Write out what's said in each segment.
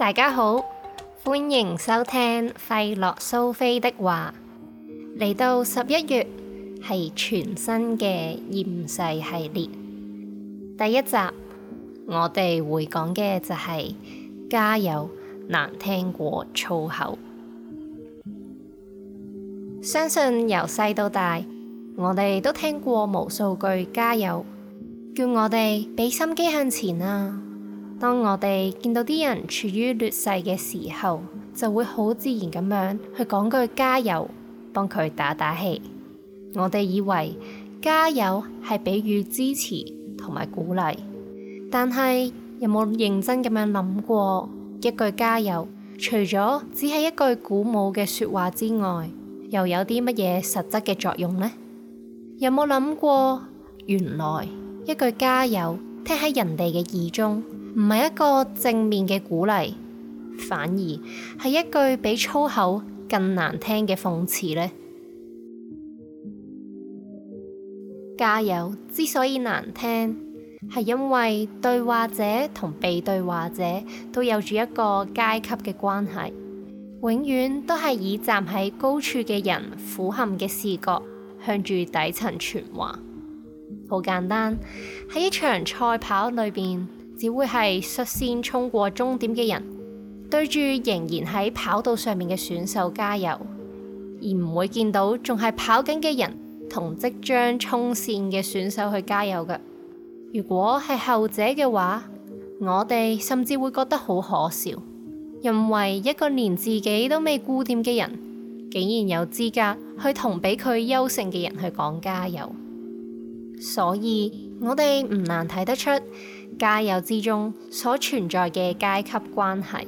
大家好，歡迎收聽費洛蘇菲的話。嚟到十一月，係全新嘅厭世系列第一集，我哋會講嘅就係加油難聽過粗口。相信由細到大，我哋都聽過無數句加油，叫我哋俾心機向前啊！當我哋見到啲人處於劣勢嘅時候，就會好自然咁樣去講句加油，幫佢打打氣。我哋以為加油係比喻支持同埋鼓勵，但係有冇認真咁樣諗過一句加油，除咗只係一句鼓舞嘅說話之外，又有啲乜嘢實質嘅作用呢？有冇諗過，原來一句加油聽喺人哋嘅耳中，唔係一個正面嘅鼓勵，反而係一句比粗口更難聽嘅諷刺呢。加油之所以難聽，係因為對話者同被對話者都有住一個階級嘅關係，永遠都係以站喺高處嘅人俯瞰嘅視角向住底層傳話。好簡單，喺一場賽跑裏邊。只會係率先衝過終點嘅人對住仍然喺跑道上面嘅選手加油，而唔會見到仲係跑緊嘅人同即將衝線嘅選手去加油嘅。如果係後者嘅話，我哋甚至會覺得好可笑，因為一個連自己都未顧掂嘅人，竟然有資格去同比佢優勝嘅人去講加油。所以我哋唔難睇得出。加油之中所存在嘅階級關係，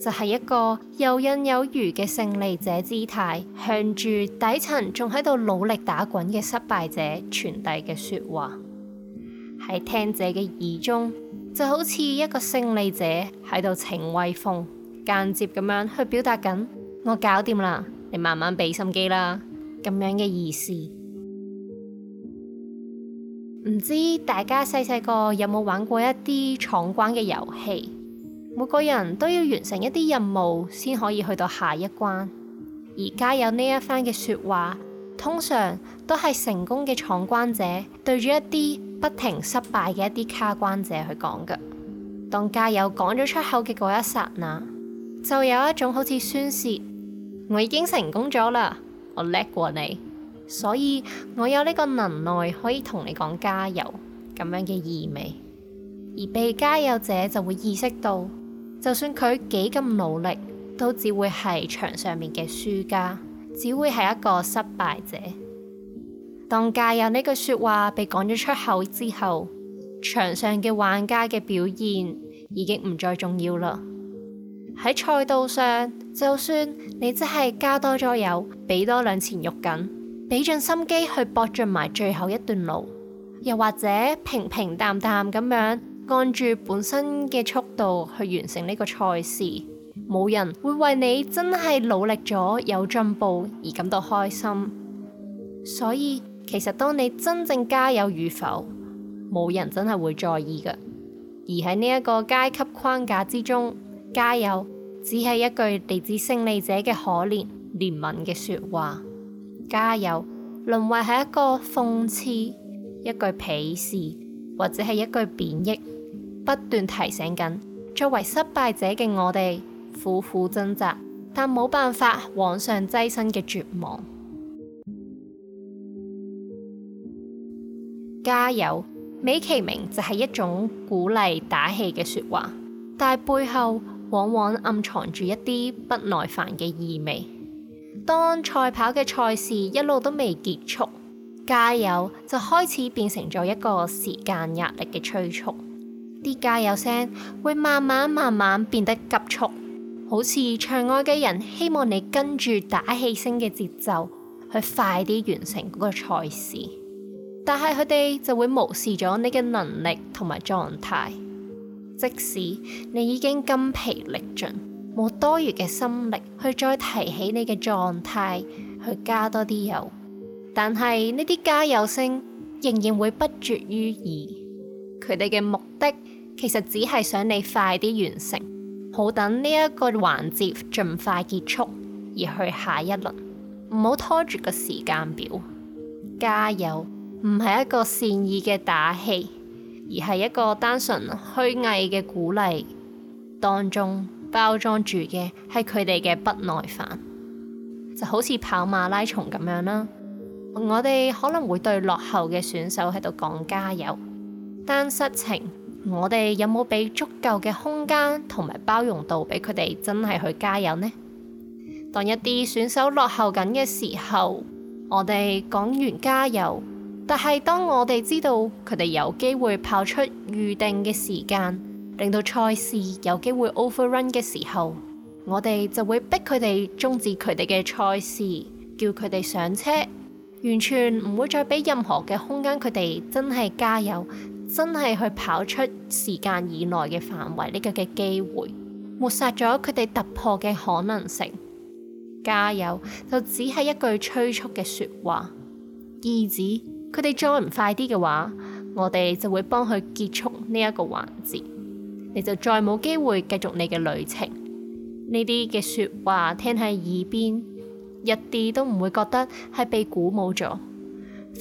就係一個遊刃有餘嘅勝利者姿態，向住底層仲喺度努力打滾嘅失敗者傳遞嘅說話，喺聽者嘅耳中就好似一個勝利者喺度逞威風，間接咁樣去表達緊我搞掂啦，你慢慢俾心機啦，咁樣嘅意思。唔知大家細細個有冇玩過一啲闖關嘅遊戲？每個人都要完成一啲任務先可以去到下一關。而加油呢一番嘅說話，通常都係成功嘅闖關者對住一啲不停失敗嘅一啲卡關者去講㗎。當加油講咗出口嘅嗰一剎那，就有一種好似宣洩，我已經成功咗啦，我叻過你。所以我有呢個能耐，可以同你講加油咁樣嘅意味，而被加油者就會意識到，就算佢幾咁努力，都只會係場上面嘅輸家，只會係一個失敗者。當加油呢句說話被講咗出口之後，場上嘅玩家嘅表現已經唔再重要啦。喺賽道上，就算你真係加多咗油，俾多兩錢肉緊。俾盡心機去搏盡埋最後一段路，又或者平平淡淡咁樣按住本身嘅速度去完成呢個賽事，冇人會為你真係努力咗有進步而感到開心。所以其實當你真正加油與否，冇人真係會在意嘅。而喺呢一個階級框架之中，加油只係一句來自勝利者嘅可憐憐憫嘅說話。加油淪為係一個諷刺、一句鄙視或者係一句貶抑，不斷提醒緊作為失敗者嘅我哋苦苦掙扎，但冇辦法往上躋身嘅絕望。加油，美其名就係一種鼓勵打氣嘅說話，但背後往往暗藏住一啲不耐煩嘅意味。當賽跑嘅賽事一路都未結束，加油就開始變成咗一個時間壓力嘅催促，啲加油聲會慢慢慢慢變得急促，好似場外嘅人希望你跟住打氣聲嘅節奏去快啲完成嗰個賽事，但係佢哋就會無視咗你嘅能力同埋狀態，即使你已經筋疲力盡。冇多餘嘅心力去再提起你嘅狀態，去加多啲油，但係呢啲加油聲仍然會不絕於耳。佢哋嘅目的其實只係想你快啲完成，好等呢一個環節盡快結束而去下一輪，唔好拖住個時間表。加油唔係一個善意嘅打氣，而係一個單純虛偽嘅鼓勵當中。包裝住嘅係佢哋嘅不耐煩，就好似跑馬拉松咁樣啦。我哋可能會對落後嘅選手喺度講加油，但實情我哋有冇俾足夠嘅空間同埋包容度俾佢哋真係去加油呢？當一啲選手落後緊嘅時候，我哋講完加油，但係當我哋知道佢哋有機會跑出預定嘅時間，令到賽事有機會 overrun 嘅時候，我哋就會逼佢哋終止佢哋嘅賽事，叫佢哋上車，完全唔會再俾任何嘅空間佢哋真係加油，真係去跑出時間以內嘅範圍呢個嘅機會，抹殺咗佢哋突破嘅可能性。加油就只係一句催促嘅說話，意指佢哋再唔快啲嘅話，我哋就會幫佢結束呢一個環節。你就再冇機會繼續你嘅旅程。呢啲嘅説話聽喺耳邊，一啲都唔會覺得係被鼓舞咗，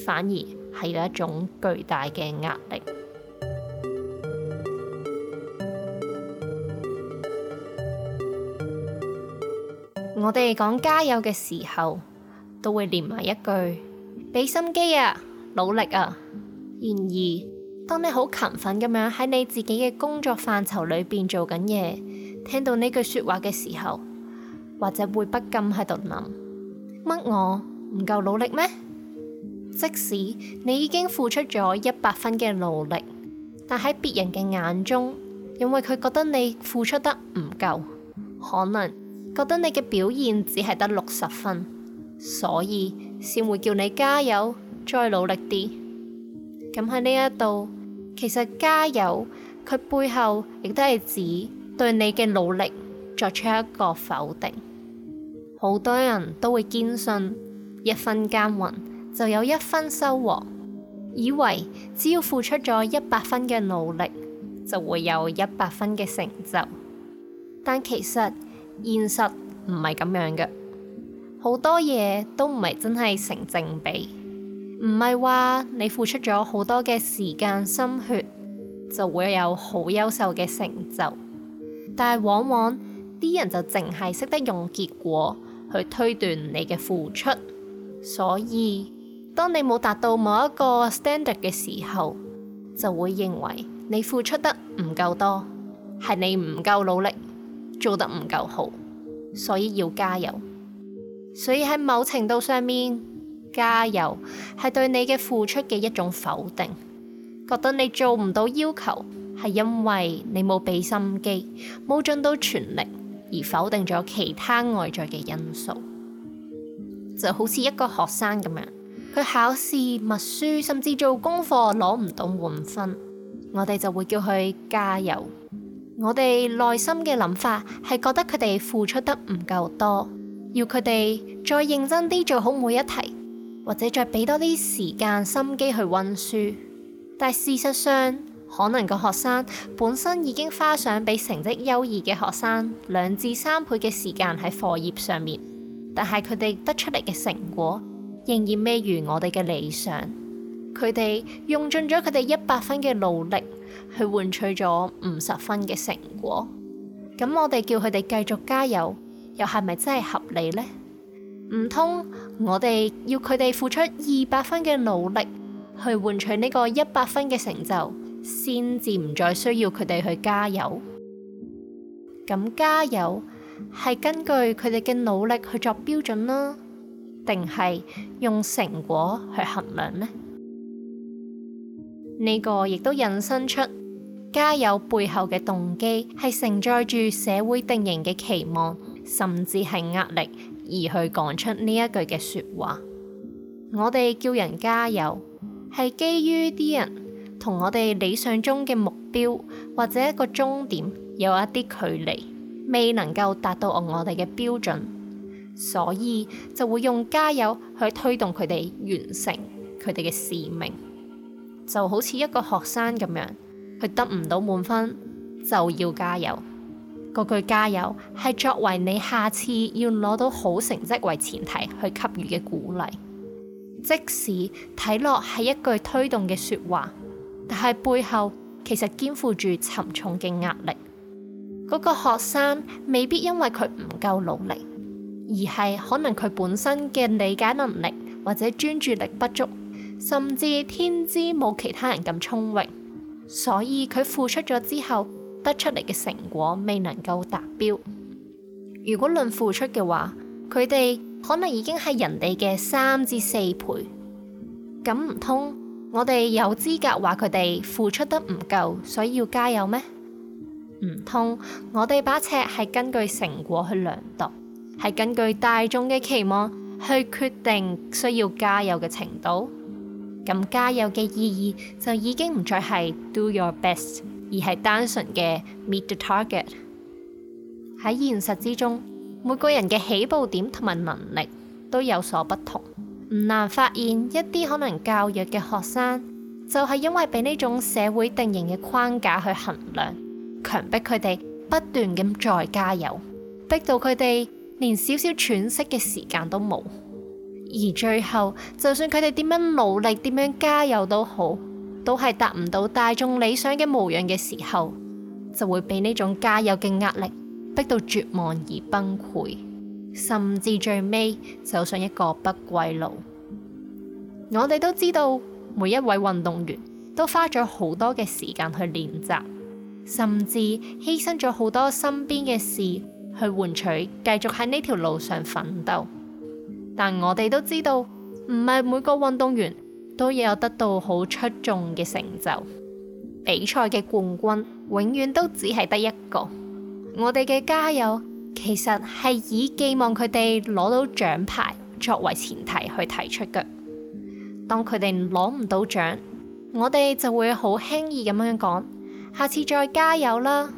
反而係有一種巨大嘅壓力。 我哋講加油嘅時候，都會連埋一句：俾心機啊，努力啊。然而當你好勤奮咁樣喺你自己嘅工作範疇裏邊做緊嘢，聽到呢句說話嘅時候，或者會不禁喺度諗：乜我唔夠努力咩？即使你已經付出咗一百分嘅努力，但喺別人嘅眼中，因為佢覺得你付出得唔夠，可能覺得你嘅表現只係得六十分，所以先會叫你加油，再努力啲。咁喺呢一度，其實加油佢背後亦都係指對你嘅努力作出一個否定。好多人都會堅信一分耕耘就有一分收穫，以為只要付出咗一百分嘅努力，就會有一百分嘅成就。但其實現實唔係咁樣嘅，好多嘢都唔係真係成正比。唔係話你付出咗好多嘅時間心血，就會有好優秀嘅成就。但係往往啲人就淨係識得用結果去推斷你嘅付出。所以當你冇達到某一個 standard 嘅時候，就會認為你付出得唔夠多，係你唔夠努力，做得唔夠好，所以要加油。所以喺某程度上面。加油，係對你嘅付出嘅一種否定，覺得你做唔到要求，係因為你冇俾心機，冇盡到全力，而否定咗其他外在嘅因素。就好似一個學生咁樣，佢考試默書甚至做功課攞唔到滿分，我哋就會叫佢加油。我哋內心嘅諗法係覺得佢哋付出得唔夠多，要佢哋再認真啲做好每一題。或者再俾多啲時間心機去温書，但事實上可能個學生本身已經花上比成績優異嘅學生兩至三倍嘅時間喺課業上面，但係佢哋得出嚟嘅成果仍然未如我哋嘅理想。佢哋用盡咗佢哋一百分嘅努力去換取咗五十分嘅成果，咁我哋叫佢哋繼續加油，又係咪真係合理呢？唔通？我哋要佢哋付出二百分嘅努力，去換取呢個一百分嘅成就，先至唔再需要佢哋去加油。咁加油係根據佢哋嘅努力去作標準呢，定係用成果去衡量呢？呢、呢個亦都引申出加油背後嘅動機，係承載住社會定型嘅期望，甚至係壓力。而去講出呢一句嘅說話，我哋叫人加油，係基於啲人同我哋理想中嘅目標或者一個終點有一啲距離，未能夠達到我哋嘅標準，所以就會用加油去推動佢哋完成佢哋嘅使命，就好似一個學生咁樣，佢得唔到滿分就要加油。嗰句加油係作為你下次要攞到好成績為前提去給予嘅鼓勵，即使睇落係一句推動嘅說話，但係背後其實肩負住沉重嘅壓力。嗰個學生未必因為佢唔夠努力，而係可能佢本身嘅理解能力或者專注力不足，甚至天資冇其他人咁聰穎，所以佢付出咗之後。得出嚟嘅成果未能夠達標，如果論付出嘅話，佢哋可能已經係人哋嘅三至四倍，咁唔通我哋有資格話佢哋付出得唔夠，所以要加油咩？唔通我哋把尺係根據成果去量度，係根據大眾嘅期望去決定需要加油嘅程度，咁加油嘅意義就已經唔再係 do your best。而係單純嘅 meet the target。喺現實之中，每個人嘅起步點同埋能力都有所不同，唔難發現一啲可能較弱嘅學生，就係因為俾呢種社會定型嘅框架去衡量，強迫佢哋不斷咁再加油，逼到佢哋連少少喘息嘅時間都冇。而最後，就算佢哋點樣努力、點樣加油都好，都係達唔到大眾理想嘅模樣嘅時候，就會被呢種加油嘅壓力逼到絕望而崩潰，甚至最尾走上一個不歸路。我哋都知道，每一位運動員都花咗好多嘅時間去練習，甚至犧牲咗好多身邊嘅事去換取，繼續喺呢條路上奮鬥。但我哋都知道，唔係每個運動員。都有得到好出眾嘅成就，比賽嘅冠軍永遠都只係得一個。我哋嘅加油其實係以寄望佢哋攞到獎牌作為前提去提出嘅。當佢哋攞唔到獎，我哋就會好輕易咁樣講，下次再加油啦。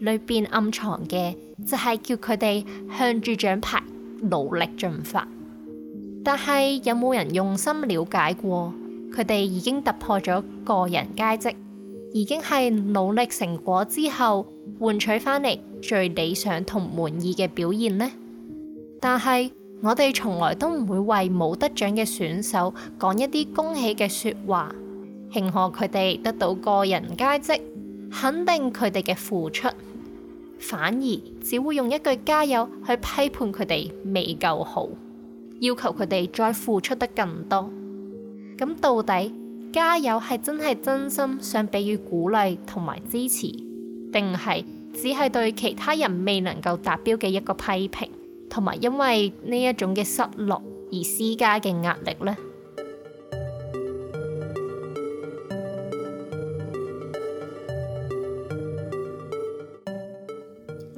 裏邊暗藏嘅就係、是、叫佢哋向住獎牌努力進發。但係有冇人用心了解過，佢哋已經突破咗個人佳績，已經係努力成果之後換取翻嚟最理想同滿意嘅表現呢？但係我哋從來都唔會為冇得獎嘅選手講一啲恭喜嘅說話，慶賀佢哋得到個人佳績，肯定佢哋嘅付出，反而只會用一句加油去批判佢哋未夠好。要求佢哋再付出得更多，咁到底加油係真係真心想畀予鼓勵同埋支持，定係只係對其他人未能夠達標嘅一個批評，同埋因為呢一種嘅失落而施加嘅壓力呢？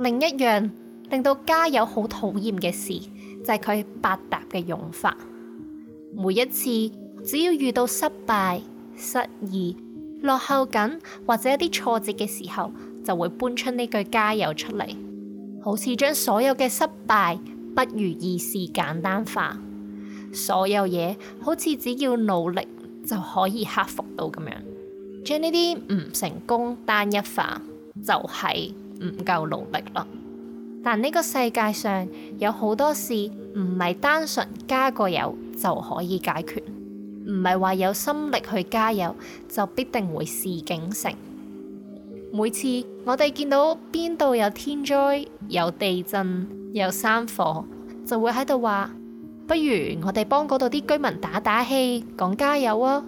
另一樣令到加油好討厭嘅事。就係佢百搭嘅用法，每一次只要遇到失敗、失意、落後緊或者一啲挫折嘅時候，就會搬出呢句加油出嚟，好似將所有嘅失敗、不如意事簡單化，所有嘢，好似只要努力就可以克服到咁樣，將呢啲唔成功單一化，就係唔夠努力啦。但呢個世界上有好多事唔係單純加個油就可以解決，唔係話有心力去加油就必定會事竟成。每次我哋見到邊度有天災、有地震、有山火，就會喺度話：不如我哋幫嗰度啲居民打打氣，講加油啊！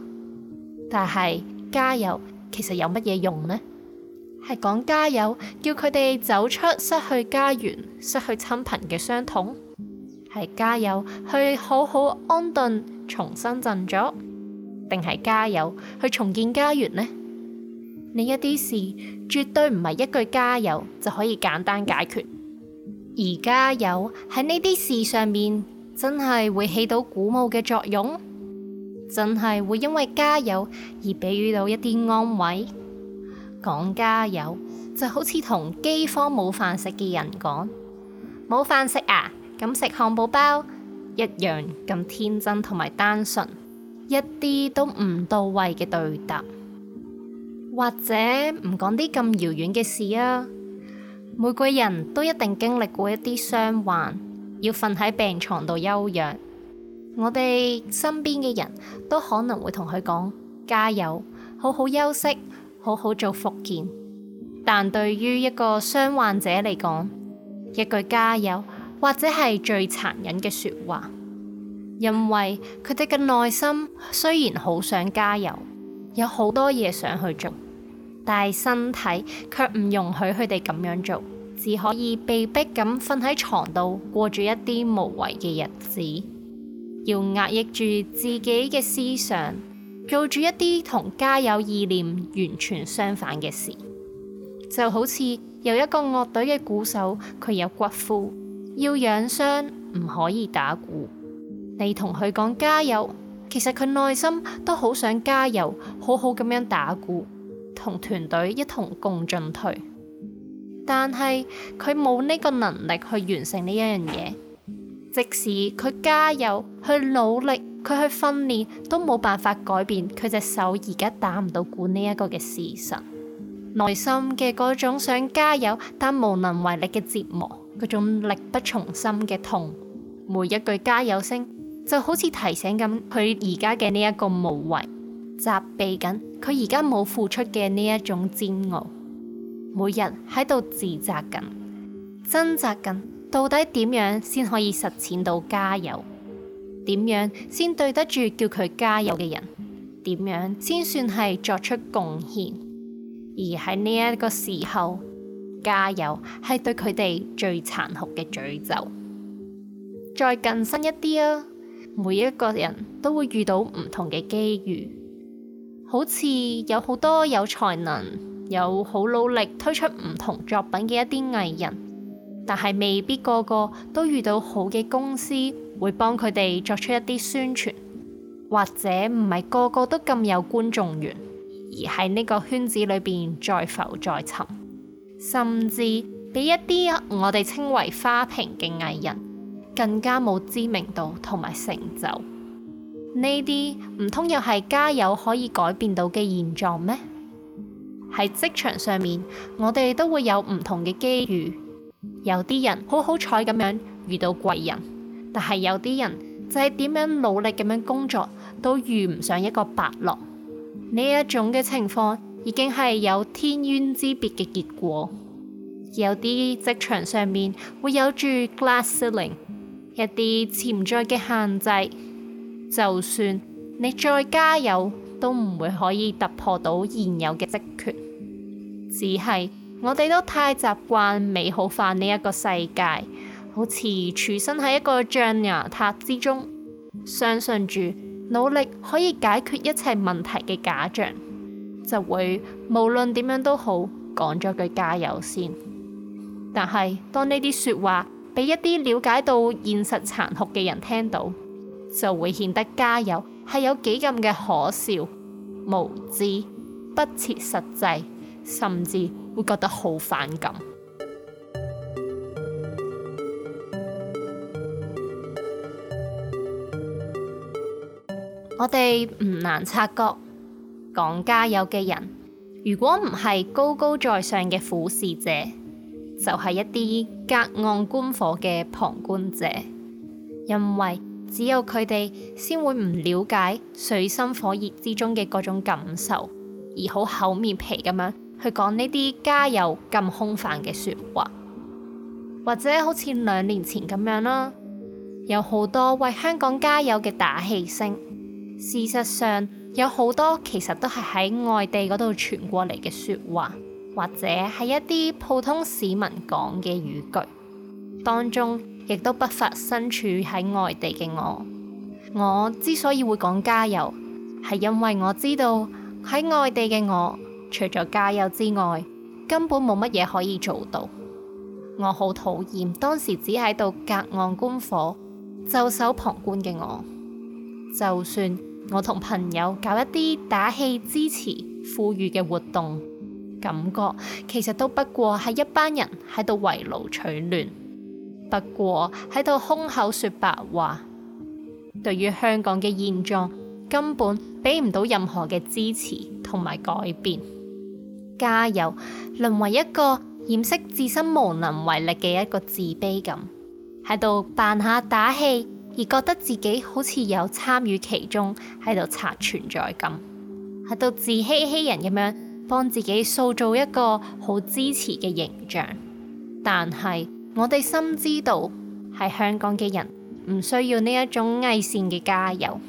但係加油其實有乜嘢用呢？係講加油，叫佢哋走出失去家園、失去親朋嘅傷痛；係加油去好好安頓、重新振作，定係加油去重建家園呢？呢一啲事絕對唔係一句加油就可以簡單解決。而加油喺呢啲事上面，真係會起到鼓舞嘅作用，真係會因為加油而俾予到一啲安慰。講加油就好似同飢荒冇飯食嘅人講冇飯食啊，咁食漢堡包一樣咁天真同埋單純，一啲都唔到位嘅對答。或者唔講啲咁遙遠嘅事啊，每個人都一定經歷過一啲傷患，要瞓喺病床度休養。我哋身邊嘅人都可能會同佢講加油，好好休息。好好做復健，但對於一個傷患者嚟講，一句加油或者係最殘忍嘅說話，因為佢哋嘅內心雖然好想加油，有好多嘢想去做，但係身體卻唔容許佢哋咁樣做，只可以被迫咁瞓喺床度過住一啲無謂嘅日子，要壓抑住自己嘅思想。做住一啲同加油意念完全相反嘅事，就好似有一個樂隊嘅鼓手，佢有骨 fracture 要養傷，唔可以打鼓。你同佢講加油，其實佢內心都好想加油，好好咁樣打鼓，同團隊一同共進退。但係佢冇呢個能力去完成呢一樣嘢。即使佢加油，去努力，佢去訓練，都冇辦法改變佢隻手而家打唔到管呢一個嘅事實。內心嘅嗰種想加油但無能為力嘅折磨，嗰種力不從心嘅痛，每一句加油聲就好似提醒緊，佢而家嘅呢一個無謂，責備緊佢而家冇付出嘅呢一種煎熬，每日喺度自責緊，掙扎緊。到底點樣先可以實踐到加油？點樣先對得住叫佢加油嘅人？點樣先算係作出貢獻？而喺呢一個時候，加油係對佢哋最殘酷嘅詛咒。再近身一啲啊，每一個人都會遇到唔同嘅機遇，好似有好多有才能、有好努力推出唔同作品嘅一啲藝人。但係未必個個都遇到好嘅公司會幫佢哋作出一啲宣傳，或者唔係個個都咁有觀眾緣，而喺呢個圈子裏邊再浮再沉，甚至比一啲我哋稱為花瓶嘅藝人更加冇知名度同埋成就。呢啲唔通又係加油可以改變到嘅現狀咩？喺職場上面，我哋都會有唔同嘅機遇。有啲人好好彩咁樣遇到貴人，但係有啲人就係點樣努力咁樣工作都遇唔上一個伯樂。呢一種嘅情況已經係有天淵之別嘅結果。有啲職場上面會有住 glass ceiling，一啲潛在嘅限制，就算你再加油都唔會可以突破到現有嘅職權，只係。我哋都太習慣美好化呢一個世界,好似處身喺一個象牙塔之中，相信住努力可以解決一切問題嘅假象，就會無論點樣都好，講咗句加油先。但係當呢啲說話俾一啲了解到現實殘酷嘅人聽到，就會顯得加油係有幾咁嘅可笑、無知、不切實際，甚至。會覺得好反感。 我哋唔難察覺，講加油嘅人，如果唔係高高在上嘅俯視者，就係、是、一啲隔岸觀火嘅旁觀者，因為只有佢哋先會唔了解水深火熱之中嘅各種感受，而好厚面皮咁樣。去講呢啲加油咁空泛嘅説話，或者好似兩年前咁樣啦，有好多為香港加油嘅打氣聲。事實上，有好多其實都係喺外地嗰度傳過嚟嘅説話，或者係一啲普通市民講嘅語句，當中亦都不乏身處喺外地嘅我。我之所以會講加油，係因為我知道喺外地嘅我。除咗加油之外，根本冇乜嘢可以做到。我好討厭當時只喺度隔岸觀火、袖手旁觀嘅我。就算我同朋友搞一啲打氣支持、富裕嘅活動，感覺其實都不過係一班人喺度圍爐取暖，不過喺度空口說白話，對於香港嘅現狀根本俾唔到任何嘅支持同埋改變。加油，淪為一個掩飾自身無能為力嘅一個自卑感，喺度 扮下打氣，而覺得自己好似有參與其中，喺度刷存在感，喺度自欺欺人咁樣幫自己塑造一個好支持嘅形象。但係我哋深知道，係香港嘅人唔需要呢一種偽善嘅加油。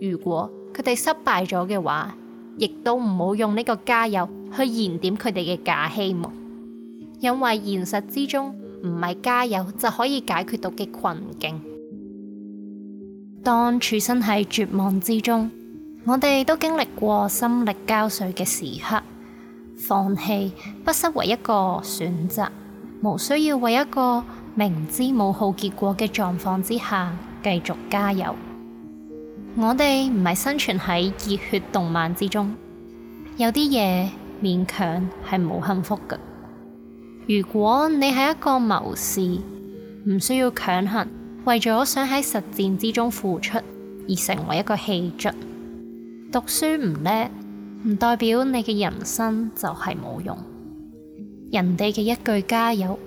如果佢哋失敗咗嘅話，亦都唔好用呢個加油去燃點佢哋嘅假希望，因為現實之中唔係加油就可以解決到嘅困境。當處身喺絕望之中，我哋都經歷過心力交瘁嘅時刻，放棄不失為一個選擇，無需要為一個明知冇好結果嘅狀況之下繼續加油。我哋唔係生存喺熱血動漫之中，有啲嘢勉強係冇幸福嘅。如果你係一個謀士，唔需要強行為咗想喺實戰之中付出而成為一個棄卒。讀書唔叻，唔代表你嘅人生就係冇用。人哋嘅一句加油，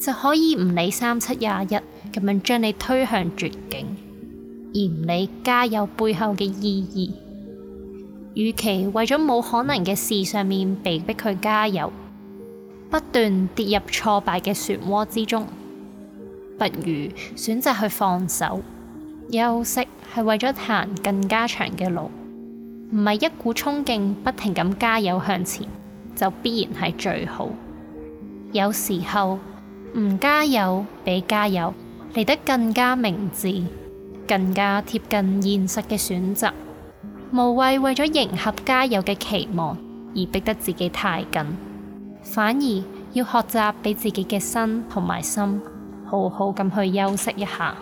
就可以唔理三七廿一咁樣將你推向絕境。而唔理加油背後嘅意義，與其為咗冇可能嘅事上面被逼去加油，不斷跌入挫敗嘅漩渦之中，不如選擇去放手休息。係為咗行更加長嘅路，唔係一股衝勁，不停咁加油向前，就必然係最好。有時候唔加油比加油嚟得更加明智。更加貼近現實嘅選擇，無謂為咗迎合加油嘅期望而逼得自己太緊，反而要學習俾自己嘅身同埋心好好咁去休息一下，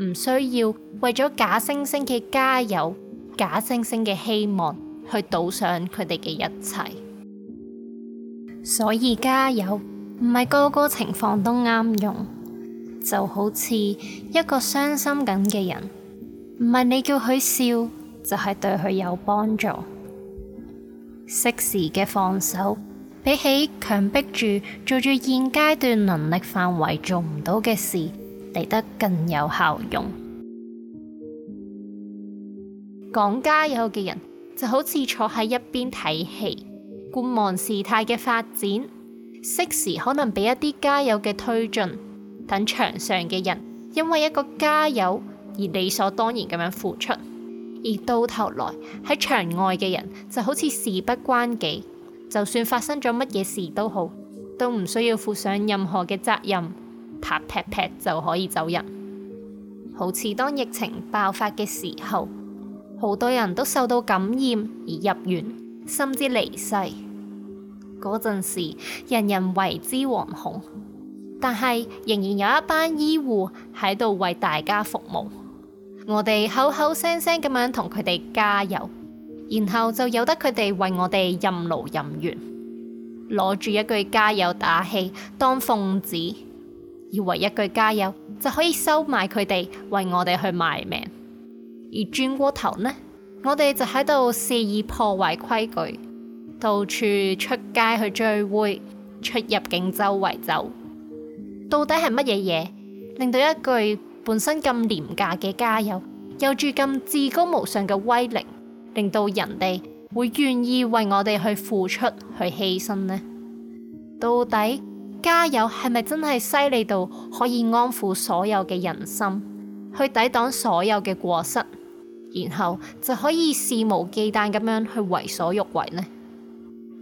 唔需要為咗假惺惺嘅加油，假惺惺嘅希望去賭上佢哋嘅一切。所以加油唔係個個情況都啱用。就好似一個傷心緊嘅人，唔係你叫佢笑，就係對佢有幫助。適時嘅放手，比起強迫住做住現階段能力範圍做唔到嘅事，嚟得更有效用。講加油嘅人就好似坐喺一邊睇戲，觀望事態嘅發展，適時可能俾一啲加油嘅推進。等場上嘅人，因為一個加油而理所當然咁樣付出，而到頭來喺場外嘅人就好似事不關己，就算發生咗乜嘢事都好，都唔需要負上任何嘅責任，啪啪啪就可以走人。好似當疫情爆發嘅時候，好多人都受到感染而入院，甚至離世。嗰陣時，人人為之惶恐。但係仍然有一班醫護喺度為大家服務，我哋口口聲聲咁樣同佢哋加油，然後就由得佢哋為我哋任勞任怨，攞住一句加油打氣當奉旨，以為一句加油就可以收買佢哋為我哋去賣命。而轉過頭呢，我哋就喺度肆意破壞規矩，到處出街去聚會，出入境周圍走。到底係乜嘢嘢令到一句本身咁廉價嘅加油有住咁至高無上嘅威力，令到人哋會願意為我哋去付出去犧牲呢？到底加油係咪真係犀利到可以安撫所有嘅人心，去抵擋所有嘅過失，然後就可以肆無忌憚咁樣去為所欲為呢？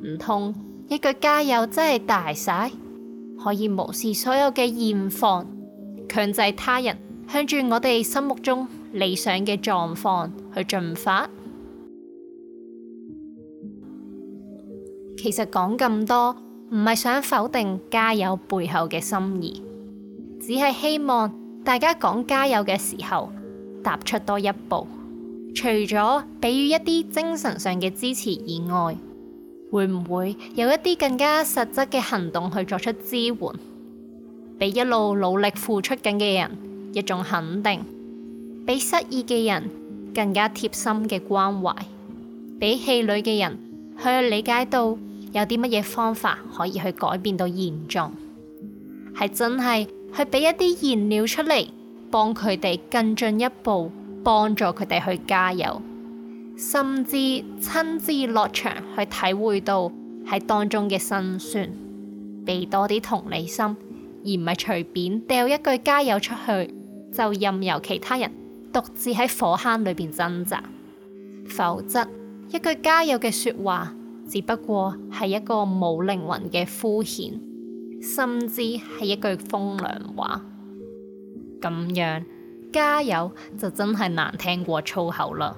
唔通一句加油真係大晒？可以無視所有嘅現況，強制他人向住我哋心目中理想嘅狀況去進發。其實講咁多，唔係想否定加油背後嘅心意，只係希望大家講加油嘅時候踏出多一步。除咗給予一啲精神上嘅支持以外，會唔會有一啲更加實質嘅行動去作出支援，俾一路努力付出緊嘅人一種肯定，俾失意嘅人更加貼心嘅關懷，俾氣餒嘅人去理解到有啲乜嘢方法可以去改變到現狀，係真係去俾一啲燃料出嚟，幫佢哋更進一步，幫助佢哋去加油。甚至親自落場去體會到喺當中嘅辛酸，俾多啲同理心，而唔係隨便掉一句加油出去，就任由其他人獨自喺火坑裏邊掙扎。否則一句加油嘅說話，只不過係一個冇靈魂嘅敷衍，甚至係一句風涼話。咁樣加油就真係難聽過粗口啦。